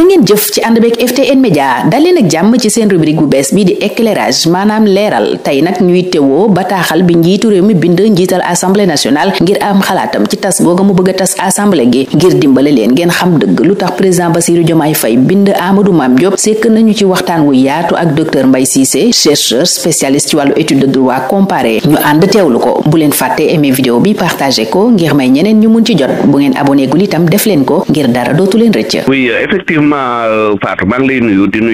jërë ngeen jëf ci ànd beeg ftn media. dal leen ak jàmm ci seen rubrique bu bees bi di éclairage maanaam leeral tey nag ñuy tewoo bataaxal bi njiitu réew mi bind njiital assemblée nationale ngir am xalaatam ci tas googa mu bëgg a tas assemblée gi ngir dimbale leen ngeen xam dëgg lu tax président basiru jomaay fay bind amadou mam diop sekk nañu ci waxtaan wu yaatu ak docteur mbay cissé chercheur spécialiste ci wàllu étude de droit comparé ñu ànd teewlu ko bu leen fàtte aimé vidéo bi partagé ko ngir may ñeneen ñu mun ci jot bu ngeen abonné gul itam def leen ko ngir dara dootu leen rëcc oui effectivement je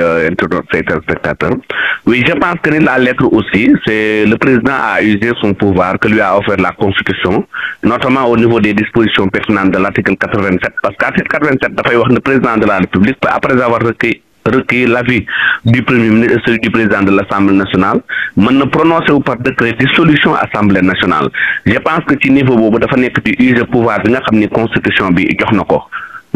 euh, euh, Oui, je pense que la lettre aussi, c'est le président a usé son pouvoir que lui a offert la Constitution, notamment au niveau des dispositions pertinentes de l'article 87. Parce qu'article 87, le président de la République, après avoir recueilli l'avis du premier celui du président de l'Assemblée nationale, maintenant prononcer ou par décret à l'assemblée nationale. Je pense que tu niveau pas dafa nekk tu user pouvoir bi nga de constitution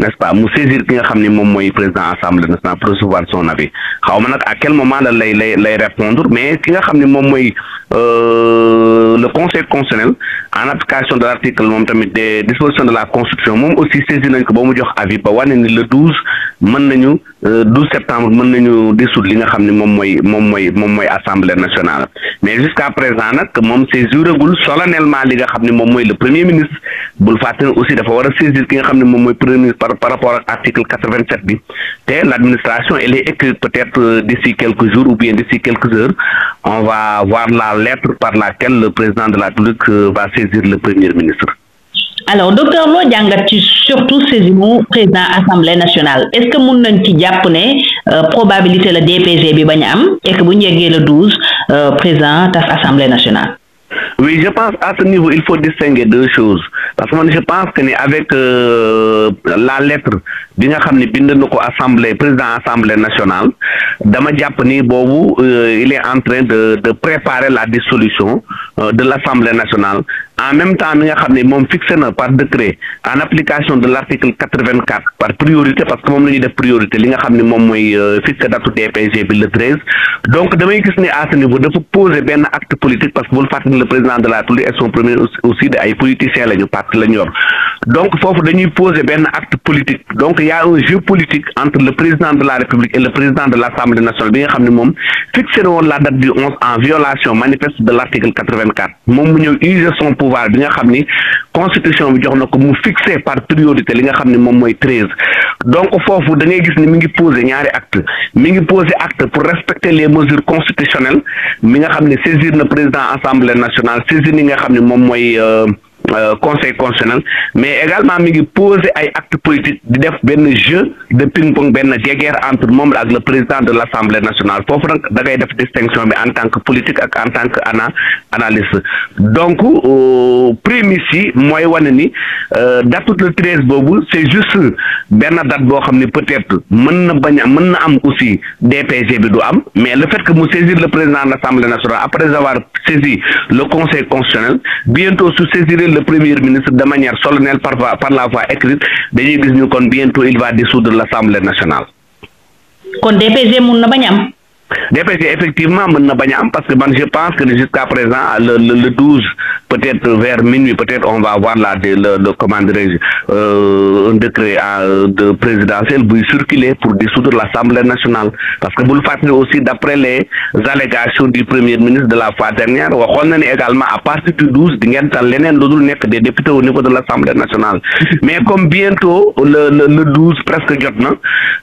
n'est-ce pas mu saisir ki nga xam ni moom mooy président assemblée nationale pour recevoir son avis xaw ma nag à quel moment la lay lay lay répondre mais ki nga xam ne moom mooy euh, le conseil constitutionnel en application de l'article moom tamit des dispositions de la constitution moom aussi saisir nañ ko ba mu jox avis ba wane ni le douze mën nañu euh, douze septembre mën nañu dissoudre li nga xam ne moom mooy moom mooy moom mooy assemblée nationale mais jusqu'à présent nag moom saisiragul solennellement li nga xam ne moom mooy le premier ministre bul faut aussi dafa saisir ki nga est mom premier ministre par rapport à l'article 87. vingt bi est écrite peut être euh, d'ici quelques jours ou bien d'ici quelques heures on va voir la lettre par laquelle le président de la République euh, va saisir le premier ministre. alors docteur loo tu ci surtout le président l'Assemblée nationale est ce que mon nañ ci japp né euh, probabilité la DPG bi et que bu ñégué le 12 président à l'Assemblée nationale. Oui, je pense à ce niveau, il faut distinguer deux choses. Parce que moi, je pense qu'avec euh, la lettre bi nga xamni le bind de ko assemblée président nationale dama ni euh, il est en train de préparer la dissolution euh, de l'Assemblée nationale en même temps nga fixé par décret en application de l'article 84, par priorité parce que nous lañu def priorité li nga xamni mom moy euh, fixé datu DPG bi le 13 donc damay gis ni à ce niveau dafa poser un acte politique parce que le président de la République est son premier aussi de ay politiciens la parti la donc il que nous poser un acte politique donc il y a un jeu politique entre le président de la république et le président de l'assemblée nationale bi nga xam fixerons la date du 11 en violation manifeste de l'article 84. Nous avons son pouvoir bi nga xam constitution nous fixé par priorité li nga xam ne donc il faut que gis ni mi ngi poser ñaari acte mi ngi poser acte pour respecter les mesures constitutionnelles mi nga saisir le président de l'Assemblée nationale saisir ni nga xam euh, conseil constitutionnel mais également il pose un acte politique de faire un jeu de ping pong de guerre entre membres la le président de l'Assemblée nationale pour faut faire distinction en tant que politique et en tant qu'analyste Donc, au donc ici, moi et wane ni euh, date le 13 bobu, c'est juste Bernard date bo xamné peut être mën na aussi DPG bi du am mais le fait que vous saisir le président de l'Assemblée nationale après avoir saisi le conseil constitutionnel bientôt vous saisir le le ministre de manière par la voie écrite dañuy gis ñu kon bientôt il va dissoudre l'Assemblée nationale. kon DPG mun na bañ Effectivement, parce que je pense que jusqu'à présent, le, 12, peut-être vers minuit, peut-être on va avoir là de, le, le euh, un décret euh, présidentiel pour circuler pour dissoudre l'Assemblée nationale. Parce que vous le faites aussi d'après les allégations du Premier ministre de la fois dernière, on est également à partir du 12, des députés au niveau de l'Assemblée nationale. Mais comme bientôt, le, 12, presque, euh,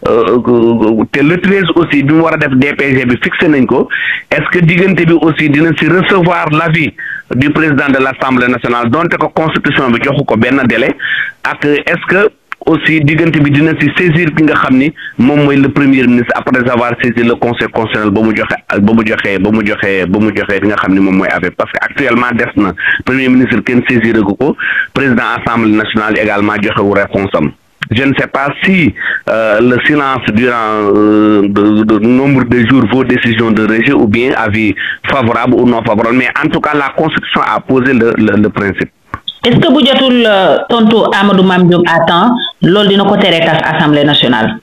euh, euh le 13 aussi, nous avons des projet bi fixé nañ ko est-ce que diggante bi aussi dina ci recevoir l'avis du président de l'Assemblée nationale donté ko constitution bi joxuko ben délai ak est-ce que aussi diggante bi dina ci saisir ki nga xamni mom moy le premier ministre après avoir saisi le conseil constitutionnel bamu joxé joxe ba mu joxe ba mu joxe nga xamni mom moy mooy avec parce que actuellement def na premier ministre ken saisir ko président assemblée nationale également joxé wu réponse am je ne sais pas si euh, le silence durant le euh, de, nombre de jours, vos décisions de rejet ou bien avis favorable ou non favorable, mais en tout cas, la Constitution a posé le, principe. Est-ce que vous dites à Amadou Mamdioum attend lors de nos côtés l'Assemblée nationale?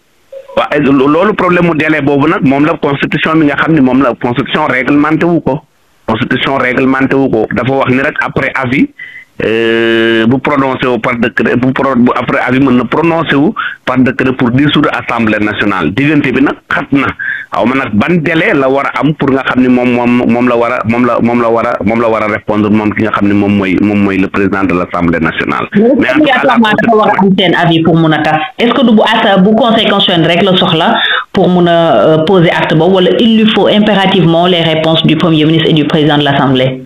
le problème de délai la constitution bi nga la constitution réglementé ou quoi? constitution réglementé ou dafa après avis euh, bu prononcé par décret bu après avis mën na prononcé wu par décret pour dissoudre assemblée nationale diggante bi nag xat na xaw ma nag ban délai la war am pour nga xam ni moom moom la war a la moom la war a la war répondre moom ki nga xam ni moom mooy moom le président de l'Assemblée nationale. mais en tout cas dafa war a am seen avis pour mun a est ce que du bu as bu conseil constitutionnel rek la soxla pour mun euh, poser acte boobu wala il lui faut impérativement les réponses du premier ministre et du président de l'Assemblée?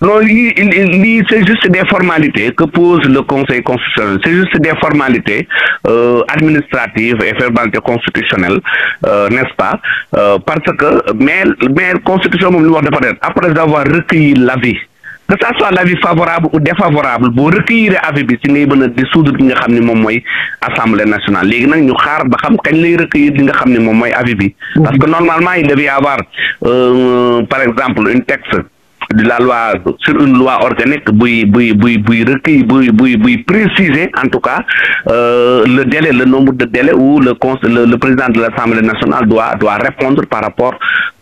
Non, il, il, il c'est juste des formalités que pose le Conseil constitutionnel. C'est juste des formalités euh, administratives et formalités constitutionnelles, euh, n'est-ce pas euh, Parce que, mais, mais la Constitution, après avoir recueilli l'avis, que ça soit l'avis favorable ou défavorable pour recueillir l'avis, si vous mën dissoudre l'Assemblée assemblée nationale Les gens ñu xaar ba recueillir mm-hmm. parce que normalement il devait y avoir euh, par exemple un texte de la loi sur une loi organique pour préciser en tout cas euh, le délai le nombre de délais où le, le, le président de l'Assemblée nationale doit doit répondre par rapport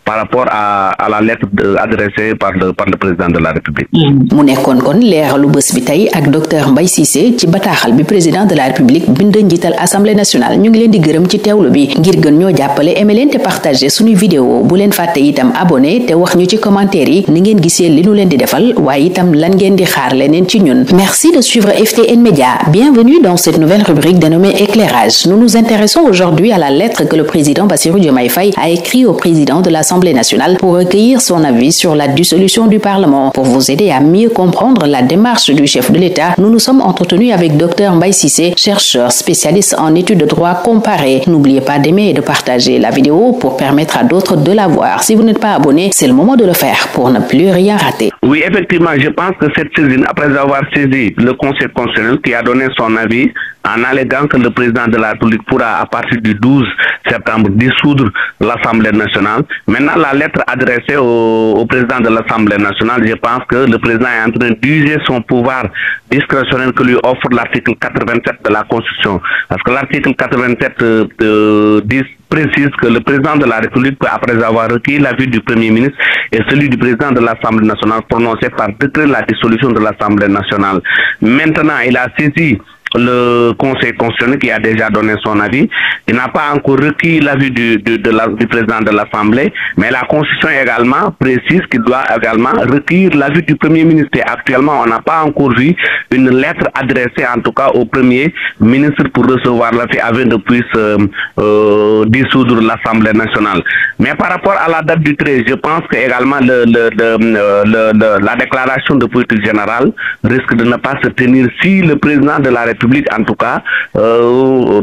par rapport à, à la lettre de, adressée par le, par le président de la République. mu nekkoon kon leeralu bëss bi tay ak docteur Mbaye Cissé ci bataxal bi président de la République bind njital assemblée nationale ñu ngi leen di gërëm ci teewlu bi ngir gën ñoo jappalé aimé leen te partagé vidéo bu leen faté itam abonné té wax ñu ci commentaire yi ni ngeen gisé li ñu leen di défal waaye itam lan ngeen di xaar leneen ci ñun. merci de suivre FTN Media. bienvenue dans cette nouvelle rubrique dénommée éclairage nous nous intéressons aujourd'hui à la lettre que le président Bassirou Diomaye Faye a écrit au président de l'Assemblée nationale pour recueillir son avis sur la dissolution du Parlement. Pour vous aider à mieux comprendre la démarche du chef de l'État, nous nous sommes entretenus avec Dr Mbaye Sissé, chercheur spécialiste en études de droit comparé. N'oubliez pas d'aimer et de partager la vidéo pour permettre à d'autres de la voir. Si vous n'êtes pas abonné, c'est le moment de le faire pour ne plus rien rater. Oui, effectivement, je pense que cette saisine, après avoir saisi le Conseil constitutionnel qui a donné son avis en allégant que le président de la République pourra, à partir du 12 septembre, dissoudre l'Assemblée nationale. Maintenant, la lettre adressée au, président de l'Assemblée nationale, je pense que le président est en train d'user son pouvoir discrétionnel que lui offre l'article 87 de la Constitution. Parce que l'article 87 euh, précise que le président de la République après avoir requis l'avis du Premier ministre et celui du président de l'Assemblée nationale prononcé par décret la dissolution de l'Assemblée nationale. Maintenant, il a saisi le Conseil constitutionnel qui a déjà donné son avis, il n'a pas encore requis l'avis du, de président de l'Assemblée, mais la Constitution également précise qu'il doit également requérir l'avis du Premier ministre. Actuellement, on n'a pas encore vu une lettre adressée en tout cas au Premier ministre pour recevoir l'avis avant de pouvoir euh, euh, dissoudre l'Assemblée nationale. Mais par rapport à la date du 13, je pense que également euh, la déclaration de politique générale risque de ne pas se tenir si le président de la République en tout cas, euh,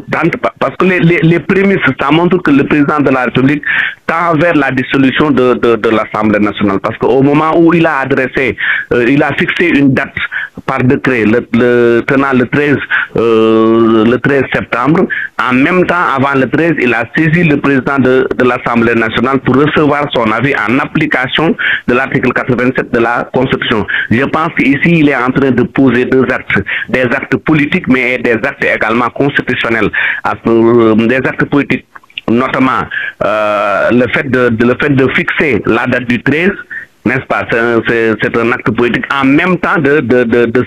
Parce que les, les, les prémices, ça montre que le président de la République vers la dissolution de, l'Assemblée nationale. Parce qu'au moment où il a adressé, euh, il a fixé une date par décret, le, tenant le 13, euh, le 13 septembre, en même temps, avant le 13, il a saisi le président de, de l'Assemblée nationale pour recevoir son avis en application de l'article 87 de la Constitution. Je pense qu'ici, il est en train de poser deux actes, des actes politiques, mais des actes également constitutionnels, euh, des actes politiques notamment euh, le, fait de, de, le fait de fixer la date du 13 n'est-ce pas C'est un acte politique en même temps de,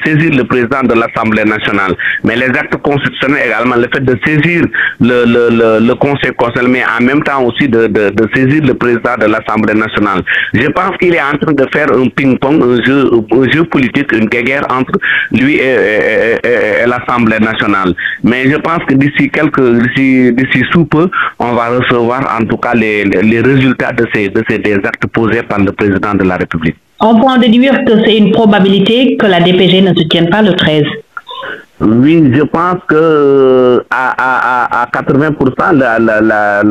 saisir le président de l'Assemblée nationale. Mais les actes constitutionnels également, le fait de saisir le, le, Conseil constitutionnel, mais en même temps aussi de, saisir le président de l'Assemblée nationale. Je pense qu'il est en train de faire un ping-pong, un jeu, jeu politique, une guerre entre lui et, l'Assemblée nationale. Mais je pense que d'ici quelques, d'ici sous peu, on va recevoir en tout cas les, les résultats de ces, ces actes posés par le président de la République. On peut en déduire que c'est une probabilité que la DPG ne se tienne pas le 13. Oui, je pense que euh, à, à, à 80%, la, la, la,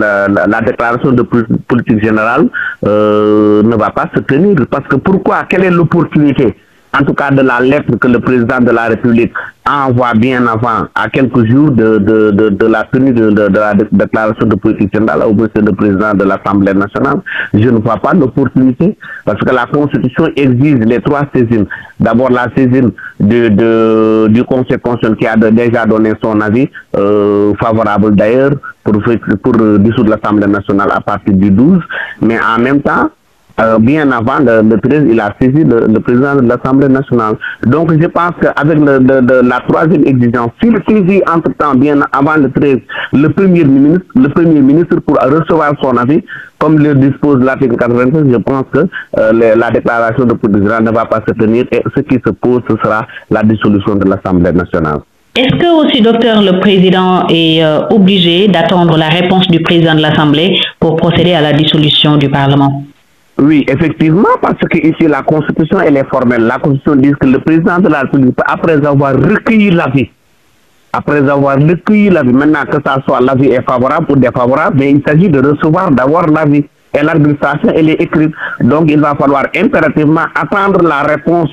la, déclaration de politique générale euh, ne va pas se tenir. Parce que pourquoi Quelle est l'opportunité en tout cas de la lettre que le président de la République envoie bien avant, à quelques jours de, la tenue de, la déclaration de politique générale au monsieur le président de l'Assemblée nationale, je ne vois pas l'opportunité parce que la Constitution exige les trois saisines. D'abord la saisine de, du Conseil constitutionnel qui a déjà donné son avis, euh, favorable d'ailleurs, pour, pour euh, dissoudre l'Assemblée nationale à partir du 12, mais en même temps, euh, bien avant, le, 13, il a saisi le, président de l'Assemblée nationale. Donc je pense qu'avec la troisième exigence, s'il saisit entre-temps, bien avant le 13, le premier ministre, le premier ministre pour recevoir son avis, comme le dispose l'article 96, je pense que euh, la déclaration de Président ne va pas se tenir et ce qui se pose, ce sera la dissolution de l'Assemblée nationale. Est-ce que aussi, docteur, le président est euh, obligé d'attendre la réponse du président de l'Assemblée pour procéder à la dissolution du Parlement oui, effectivement, parce que ici, la Constitution, elle est formelle. La Constitution dit que le président de la République, après avoir recueilli l'avis, après avoir recueilli l'avis, maintenant que ça soit l'avis est favorable ou défavorable, mais il s'agit de recevoir, d'avoir l'avis. Et l'administration, elle est écrite. Donc, il va falloir impérativement attendre la réponse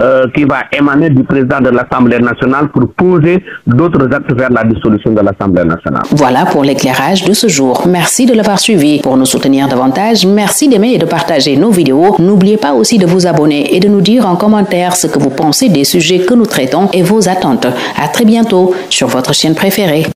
euh, qui va émaner du président de l'Assemblée nationale pour poser d'autres actes vers la dissolution de l'Assemblée nationale. Voilà pour l'éclairage de ce jour. Merci de l'avoir suivi. Pour nous soutenir davantage, merci d'aimer et de partager nos vidéos. N'oubliez pas aussi de vous abonner et de nous dire en commentaire ce que vous pensez des sujets que nous traitons et vos attentes. À très bientôt sur votre chaîne préférée.